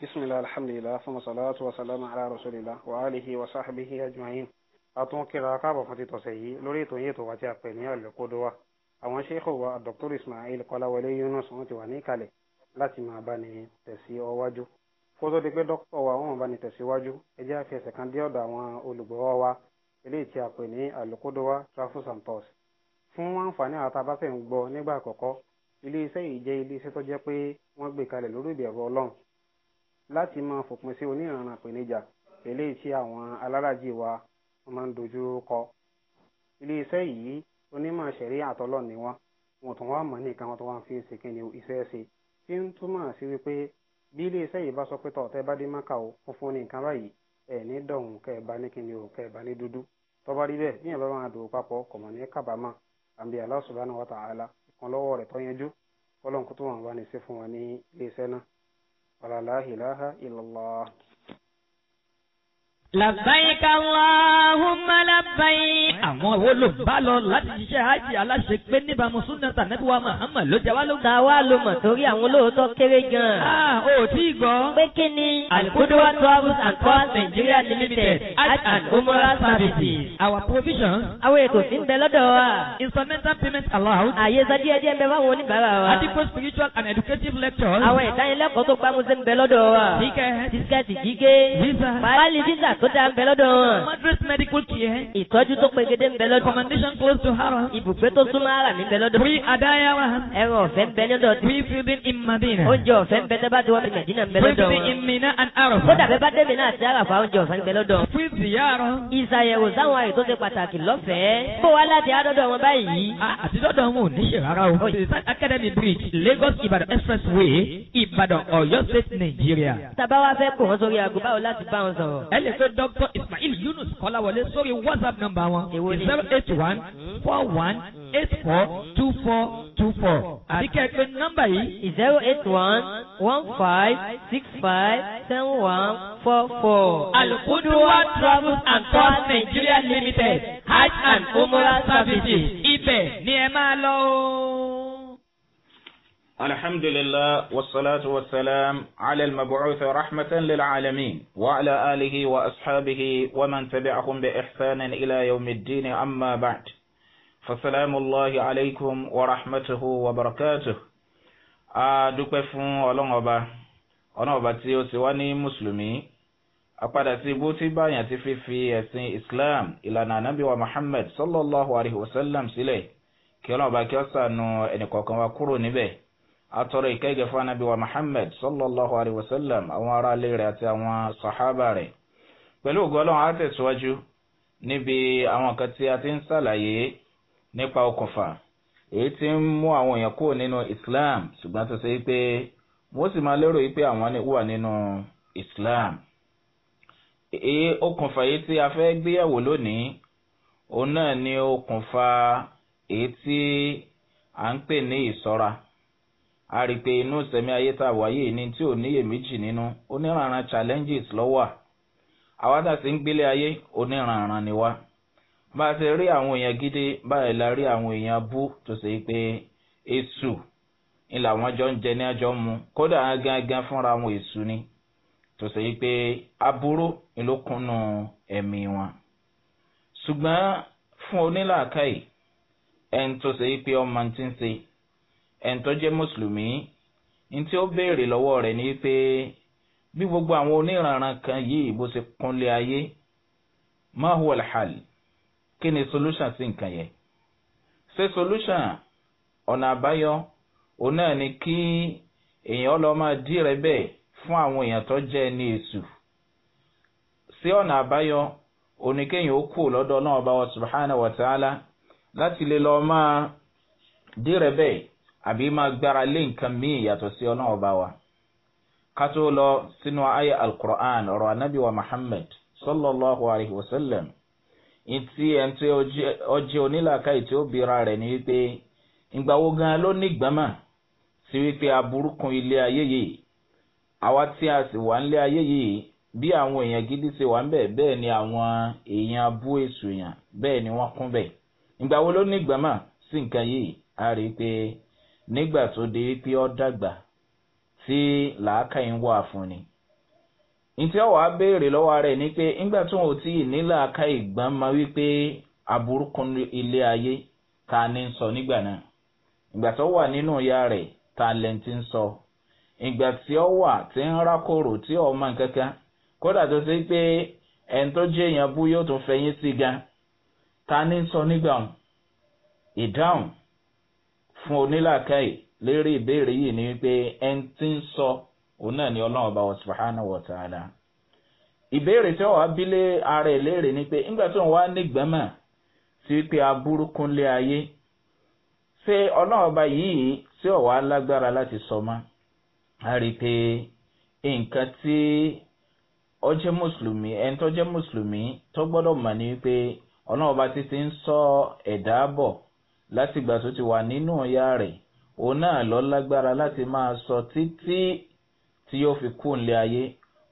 bisimilahi alhamdulilah fama salatu wa salam ala rasulillah wa alihi wa sahbihi ajma'in atún kíra káàbọ̀ fún títọ̀sẹ̀ yìí lórí ètò yìí tó wá tí a pè ní àlùkòdówà àwọn ṣéèkò wa dr ismail kọláwọlé yunus wọn ti wà ní ìkàlẹ̀ láti máa bá ní tẹ̀sí ọwájú kó tó di pé dókítà wa wọn bá ní tẹ̀síwájú ẹ jẹ́ àfi ẹsẹ̀ kan dé ọ̀dọ̀ àwọn olùgbọ́wọ́ wa eléyìí tí a pè ní àlùkòdówà travels and tours fún àǹfààní àwọn tá a bá fẹ́ ń gbọ́ nígbà àkọ́kọ́ ilé iṣẹ́ yìí jẹ́ ilé iṣẹ́ tó jẹ́ pé wọ́n gbé kalẹ̀ lórí ìbẹ̀rù ọlọ́run láti máa fòpin sí oníranran pèníjà eléyìí tí àwọn alárajì wa máa ń dojú kọ iléeṣẹ́ yìí onímọ̀ ṣẹ̀rí àtọ́lọ̀ ni wọ́n wọn tún wá mọ̀ nìkan wọn tó wá ń fi ṣe kíni iṣẹ́ ṣe tí ń túmọ̀ sí wípé bí iléeṣẹ́ yìí bá sọ pé tọ̀tẹ́ bá dé mọ́kà o funfun ní nǹkan báyìí ẹ̀ ní dọ̀hún kẹ́ ẹ̀ bá ní kíni o kẹ́ ẹ̀ bá ní dúdú tọ́ba rí bẹ́ẹ̀ bíyẹn bá máa dòwò papọ̀ kọ̀mọ̀ ní kábàámà àbí Allah subhanahu wa ìkànlọ́wọ́ rẹ̀ tọ́yẹnjú kọ́lọ́nkú tó wọn wá ní sí fún wọn ní iléeṣẹ́ náà ولا لا إله إلا الله làbáyíká Allahumma làbáyí. àwọn wo ló ń bá lọ láti ṣiṣẹ́ hajj aláṣẹ pé níbàámu sunnata nabi wa Muhammad ló jẹ́ wá ló. ta ló mọ̀ torí àwọn olóòótọ́ kéré gan-an. a ò gbọ́. pé kí ni. al Travels and Tours Nigeria Limited hajj and umrah services. our provision. àwọn ètò tí ń bẹ lọ́dọ̀ wa. instrumental payment allowed. àyè sọ díẹ̀ díẹ̀ ń bẹ fáwọn oníbàárà wa. adigun spiritual and educative lectures. àwọn ìdánilẹ́kọ̀ọ́ tó gbámúsẹ́ ń bẹ lọ́dọ̀ wa. tíkẹ́ tíkẹ́ tíkẹ́. visa. pàálí visa tó dáa ń bẹ lọ́dọ̀ wọn. Madras medical care. Ìtọ́jú tó pegede ń bẹ lọ́dọ̀. Commendation close to Haram. Ibùgbé tó súnmọ́ ara mi ń bẹ lọ́dọ̀. Free Adayawa. Ẹ̀rọ ọ̀fẹ́ ń bẹ lọ́dọ̀. Free building in Madina. Oúnjẹ ọ̀fẹ́ ń bẹ tó bá ti wá bí Mẹ̀dínà ń bẹ lọ́dọ̀ wọn. Free in Mina and Arab. Kódà bẹ́ẹ̀ bá débi náà ti Arab oúnjẹ ọ̀fẹ́ ń bẹ lọ́dọ̀. Free Ziyara. Ìṣàyẹ̀wò sáwọn àyè tó ṣe pàtàkì lọ́fẹ̀ẹ́. Bó wa láti adọ́dọ̀ wọn báyìí. Àti Bridge, Lagos Ibadan Expressway, Ibadan, Ọ̀yọ́ State, Nigeria. Tàbá wa fẹ́ kò wọ́n sórí Dr. Ismail Yunus Kọ́láwọlé sórí WhatsApp number wọn zero eight one four one eight four two four two four. àbí kẹ́ẹ̀pẹ́ nọ́mbà yìí. zero eight one one five six five seven one four four. Alukuduwa Travels and Tours Nigeria Limited Hajj and Umrah Services ibẹ̀ ni ẹ máa lọ o. الحمد لله والصلاة والسلام على المبعوث رحمة للعالمين وعلى آله وأصحابه ومن تبعهم بإحسان إلى يوم الدين أما بعد فسلام الله عليكم ورحمته وبركاته أدوك فون ولنغبا ولنغبا تيو سواني مسلمي أقدا تيبو تيبا يتفي في يسين إسلام إلى نبي ومحمد صلى الله عليه وسلم سليه كيلو باكيوسا نو إنكوكا وكرو نبيه atọrọ ìkẹgẹ fún anabi wa muhammed sallallahu alayhi wa sallam àwọn ará ilé rẹ àti àwọn sàhábà rẹ pẹlú ògùn ọlọrun á tẹsíwájú níbi àwọn kan tí a ti ń ṣàlàyé nípa okùnfà èyí tí ń mú àwọn èèyàn kúrò nínú islam ṣùgbọ́n tó ṣe pé wọ́n sì máa lérò pé àwọn wà nínú islam èyí okùnfà èyí tí a fẹ́ gbéyàwó lónìí òun náà ni okùnfà èyí tí à ń pè ní ìsọ́ra. a rí i pé inú ìsẹ̀mí ayé tá a wáyé ní tí ò níyèméjì nínú oníranran challenges lọ́wọ́ à àwa ń gbélé ayé oníranran ni a ti rí àwọn èèyàn gidi báyìí la rí àwọn èèyàn bú tó ṣe pé èṣù ni làwọn jọ ń jẹ mu kódà gángan fúnra wọn èṣù ni tó ṣe pé aburú ni ló kúnnú ẹ̀mí wọn ṣùgbọ́n fún onílàákàyè ẹni tó ṣe pé ọmọ ti ń ẹni tó jẹ́ mùsùlùmí ní tí ó béèrè lọ́wọ́ rẹ̀ gbogbo àwọn oníranran kan yìí bó ṣe kúnlé ayé ma huwa kí ni solution sí nǹkan yẹn ṣe solution ọ̀nà àbáyọ òun náà ni kí èèyàn lọ máa dí rẹ bẹ́ẹ̀ fún àwọn èèyàn tó jẹ́ ní èṣù sí ọ̀nà àbáyọ oníkéyìn ó lọ́dọ̀ náà wa subhanahu wa ta'ala láti lè máa àbí máa gbára lé nǹkan míì yàtọ̀ sí ọlọ́run ọba wa ká tó lọ sínú ayé alukur'an ọ̀rọ̀ anabi wa muhammed sallallahu alayhi wa sallam ìtì ẹni tí ọjẹ́ onílàkà ìtì ó bira rẹ̀ ni wípé ìgbà wo gan ló ní gbàmà sí wípé aburúkun ilé ayé yìí àwa tí a sì wà nílé ayé yìí bí àwọn èèyàn gidi ṣe wà ń bẹ̀ bẹ́ẹ̀ ni àwọn èèyàn abú èṣù èèyàn bẹ́ẹ̀ ni wọ́n kún bẹ̀ ìgbà wo ló ní gbàmà sí nǹkan yìí a rí i pé nígbà tó di wípé ọ dàgbà tí làákàyè ń wà fún ni ntí ọ wàá béèrè lọ́wọ́ rẹ̀ ni pé ńgbà tó ò tí ì ní làákàyè gbọ́n ma wípé aburúkú ilé ayé ta ni ń sọ nígbà náà ìgbà tó wà nínú ìyá rẹ̀ ta lẹ́ ti ń sọ ìgbà tí ọ wà tí ń rákòrò tí ọ mọ kankan kódà tó ṣe pé ẹni tó jẹ́ èèyàn bú yóò tún fẹ̀yìn sí gan ta ni ń sọ nígbà ìdáhùn fún onílàkàyè lérí ìbéèrè yìí ni wípé ẹn tí ń sọ òun náà ni ọlọ́run ọba ọ̀sùnfàánà wọ̀tàlá ìbéèrè tí wàá bílé ara ẹ̀ léèrè ni pé nígbà tó ń wá nígbàmà sí pé aburú kúnlé ayé ṣé ọlọ́run ọba yìí ṣé ọ̀wá lágbára láti sọ mọ́ a rí i pé nǹkan tí ọjẹ́ mùsùlùmí ẹni tó mùsùlùmí ni wípé ọlọ́run ọba títí ń látìgbà tó ti wà nínú ìyá rẹ̀ òun náà lọ lágbára láti máa sọ títí tí yóò fi kú nílé ayé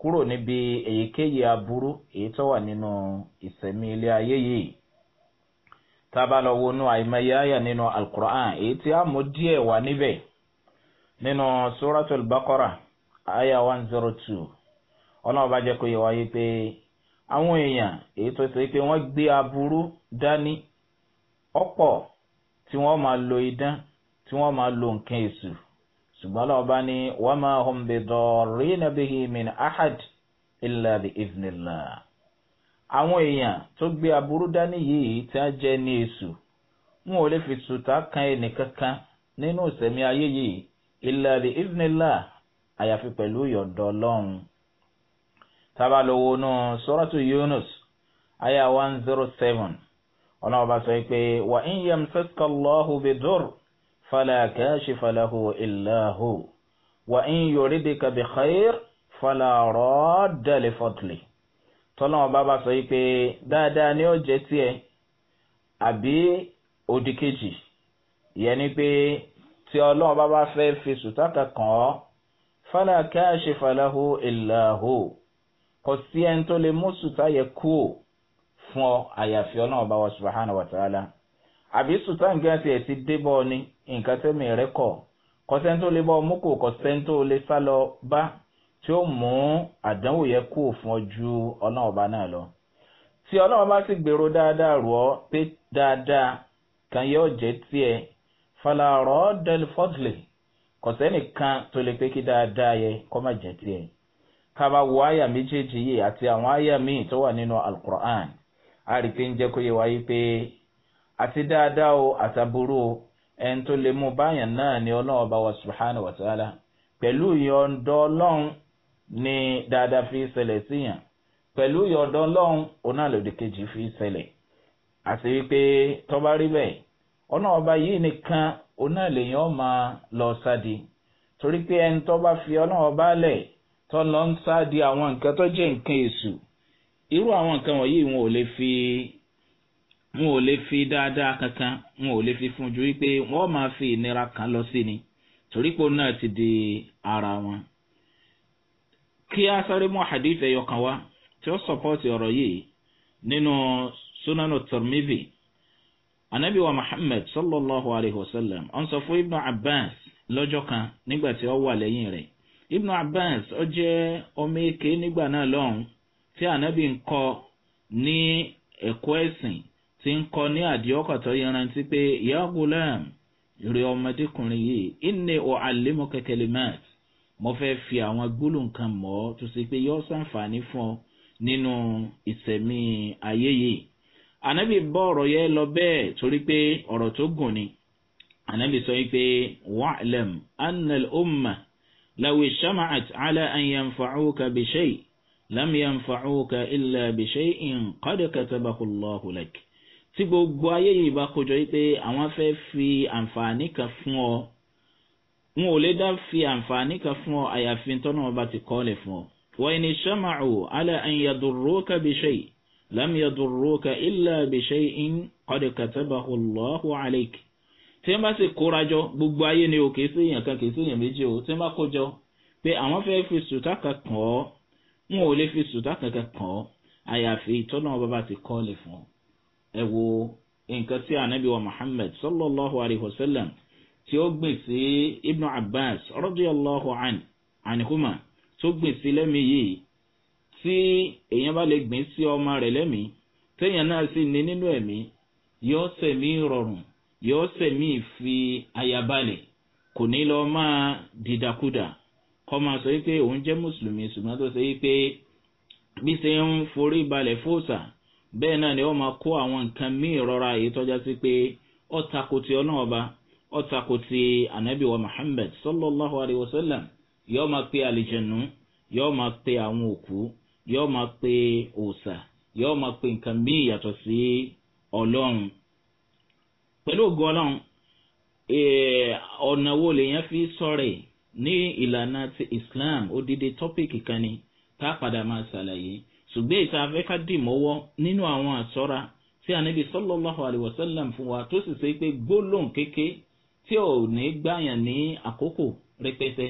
kúrò níbi èyíkéyìí aburú èyí tó wà nínú ìsẹ̀mí ilé ayé yìí tába lọ wọnú àìmọye àyà nínú alukur'an èyí tí a mú díẹ̀ wà níbẹ̀ nínú suratul bakora àyà one zero two ọlọ́run bá jẹ́ kó yẹ wáyé pé àwọn èèyàn èyí tó ṣe pé wọ́n gbé aburú dání ọ̀pọ̀ tí wọ́n máa lo idán tí wọ́n máa lo nǹkan èṣù ṣùgbọ́n lọ́wọ́ bá ní wọ́n máa hùn bí dọ̀rí nàbí min ahad ilà bí ìfìnnìlà. àwọn èèyàn tó gbé aburú dání yìí tí a jẹ́ ní èṣù wọn ò lè fi sùtà kan ẹnìkankan nínú ìsẹ̀mí ayé yìí ilà bí ìfìnnìlà àyàfi pẹ̀lú ìyọ̀dọ̀ ọlọ́run. tábàlówó nù sọ́rọ́tù yunus aya one zero seven ọlọ́run bá sọ pé wà ń yẹm sẹ́kọ̀ lọ́hùn bí dùr fàlà kẹ́ẹ̀ṣì fàlàhù ìlàhù wà ń yorí di kàbí xayir fàlà rọ́ọ̀dẹ̀lẹ̀ fọ́tìlì tọ́lọ́run bá bá sọ pé dáadáa ni ó jẹ́ tiẹ̀ àbí òdì kejì ìyẹn ni pé tí ọlọ́run bá fẹ́ fi sùtàkà kàn ọ́ fàlà kẹ́ẹ̀ṣì fàlàhù ìlàhù kò sí ẹni tó lè mú sùtà yẹ kú o fún ọ àyàfi ọlọ́run bá wa subahana wa ta'ala àbí sultan gíga tiẹ̀ ti dé bọ́ ọ ni nǹkan tẹ́mi rẹ kọ̀ kọ́sẹ́ńtò lè bọ́ ọmú kò kọ́sẹ́ńtò lè sá lọ bá tí ó mú àdánwò yẹ kú fún ọ ju ọlọ́run bá náà lọ tí ọlọ́run bá sì gbèrò dáadáa rọ̀ ọ́ pé dáadáa kan yóò jẹ́ tiẹ̀ falarọ́ del fọ́tlẹ̀ kọ̀sẹ́nìkan tó lè pé kí dáadáa yẹ kọ́ má jẹ́ tiẹ̀ ká bá wo àyà méjèèjì yìí àti àwọn àyà míì tó wà nínú alukur'an a rí i pé ń jẹ́ kó yẹ wáyé pé àti dáadáa o àtàbúrò o ẹni tó lè mú báyàn náà ni ọlọ́run ọba wa subhana wa ta'ala pẹ̀lú ìyọ̀ǹdọ̀ ọlọ́run ni dáadáa fi ṣẹlẹ̀ síyàn pẹ̀lú ìyọ̀ǹdọ̀ ọlọ́run ọ̀nà lòdì kejì fi ṣẹlẹ̀ àti wípé tọ́ba rí bẹ́ẹ̀ ọba yìí nìkan ọ̀nà lọ sádi torí pé ẹni tọ́ba fi ọba lẹ̀ tọ́ lọ ń sádi àwọn nǹkan tó jẹ́ nǹkan èṣù irú àwọn nǹkan wọ̀nyí wọn ò lè fi wọn ò lè fi dáadáa kankan wọn ò lè fi fún ju wípé wọn máa fi ìnira kan lọ sí ni torí ti di ara wọn. kí a sáré mú àdìfẹ́ yọkan wá tí ó ọ̀rọ̀ yìí nínú sunanu tirmidhi anabi wa muhammed sallallahu alayhi wa sallam ọ̀n sọ fún ibnu abbas lọ́jọ́ kan nígbà tí ó wà lẹ́yìn rẹ̀ ibnu abbas ó jẹ́ ọmọ èké nígbà náà lọ́hùn tí ànábì ń kọ ní ẹ̀kọ́ ẹ̀sìn tí ń kọ ní àdìọ́kọ̀ tó yanrantí pé ìyá gulam rí ọmọdékùnrin yìí ìní ò àlémọ kẹkẹlẹ mat mo fẹ́ fi àwọn gbólóǹkan mọ́ tó ṣe pé yóò ṣàǹfààní fún ọ nínú ìsẹ̀mí ayé yìí ànábì bọ́ ọ̀rọ̀ yẹn lọ bẹ́ẹ̀ torí pé ọ̀rọ̀ tó gùn ni ànábì sọ pé wàhálẹ̀m annal umma lawi shama'at ala an yanfa'uka bi lam yanfa'uka illa bi shay'in qad katabahu Allahu lak tí gbogbo ayé yìí bá kójọ yìí pé àwọn fẹ́ fi àǹfààní kan fún ọ wọn ò lè dá fi àǹfààní kan fún ọ àyàfi tọ́nà ọba ti kọ́lẹ̀ fún ọ. wa in shama'u ala an yadurruka bi shay' lam yadurruka illa bi shay'in qad katabahu Allahu alayk. tí wọ́n bá sì kórajọ gbogbo ayé ni o kì í sí kan kì í sí méjì o tí bá kójọ pé àwọn fẹ́ fi sùtá kan kàn ọ́ wọn ò lè fi sùdá kankan kàn ọ́ àyàfi ìtọ́nà bàbá ti kọ́ọ̀lì fún ọ. ẹ wo nǹkan tí anabi wa muhammed sallallahu alayhi wa sallam tí ó gbìn sí ibnu abbas radiyallahu anihuma tó gbìn sí lẹ́mìí yìí tí èèyàn bá lè gbìn sí ọmọ rẹ̀ lẹ́mìí téèyàn náà sì ní nínú ẹ̀mí yóò sẹ̀mí rọrùn yóò sẹ̀mí fi ayabalẹ̀ kò ní lọ́ọ́ máa dìdàkudà. kọ́ máa sọ wípé òun jẹ́ mùsùlùmí ṣùgbọ́n tó ṣe wípé bí ṣe ń forí balẹ̀ fòòsà bẹ́ẹ̀ náà ni máa kó ọlọ́ọ̀ba anabi muhammed sallallahu alayhi wa sallam yóò máa pe àlìjẹ̀nu yóò máa pe àwọn òkú yóò máa pe òòsà yóò máa pe nǹkan ní ìlànà ti islam odidi tọ́pìkì kan ni tá a padà máa ṣàlàyé ṣùgbọ́n ìta afẹ́ká dì mọ́wọ́ nínú àwọn àṣọra tí anabi sallallahu alayhi wa sallam fún wa tó sì ṣe pé gbólóhùn kéke tí ò ní gbàyàn ní àkókò rẹpẹtẹ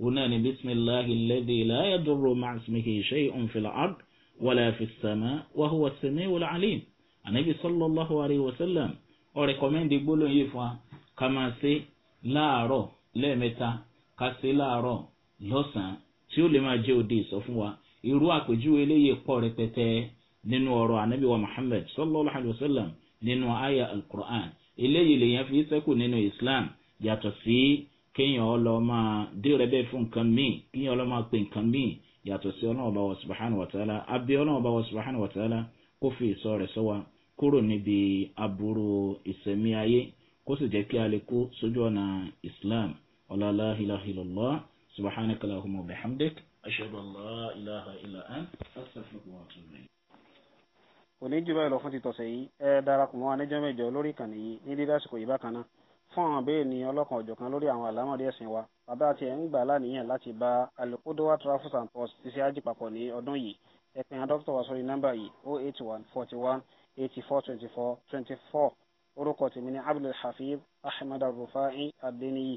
òun náà ni bisimilahi lẹ́dí láyàdúró màsímìkì ṣe ìhùnfìlà ard wàlẹ̀ àfìsàmà wàhùwà sẹ̀mí wàlẹ̀ alim anabi sallallahu alayhi wa sallam ọ̀ rẹ̀kọ́mẹ́ndì gbólóhùn yìí fún wa ká ṣe láàárọ̀ lẹ́ẹ̀mẹ́ta ká ṣe láàárọ̀ lọ́sàn-án tí ó lè máa jẹ́ òde ìsọ fún wa irú àpèjúwe eléyìí pọ̀ rẹpẹtẹ nínú ọ̀rọ̀ anábìwa muhammed sallallahu alayhi wa sallam nínú aya al-qur'an eléyìí lèyàn fi sẹ́kù nínú islam yàtọ̀ sí kéèyàn ọlọ máa dé rẹ́bẹ̀ fún nǹkan míì kéèyàn ọlọ máa pè nǹkan míì yàtọ̀ sí ọlọ́run bá wa subahana wa ta'ala abẹ́ ọlọ́run bá wa subahana wa ta'ala kó fi ìsọ rẹ̀ sọ wa kúrò níbi aburú ìsẹ̀mí ayé kó sì jẹ́ kí a lè kó sójú ọ̀nà islam. ولا لا إله إلا الله سبحانك اللهم وبحمدك أشهد أن لا إله إلا أنت أستغفرك وأتوب إليك òní jù báyìí lọ fún títọ̀sẹ̀ yìí ẹ darapọ̀ mọ́ anẹ́jọ́ mẹ́jọ lórí ìkànnì yìí ní dídá àsìkò yìí bákan náà fún àwọn béèrè ní ọlọ́kan ọ̀jọ̀kan lórí àwọn àlámọ̀rí ẹ̀sìn wa bàbá àti ẹ̀ ń gbà láníyàn láti bá alukodowa travels and post ti ṣe ájì papọ̀ ní ọdún yìí ẹ pè wa sórí nọ́mbà yìí o oh eight one forty one eighty four twenty four twenty four orúkọ tèmi ní abdulhafiz ahmed alrufai adeniyi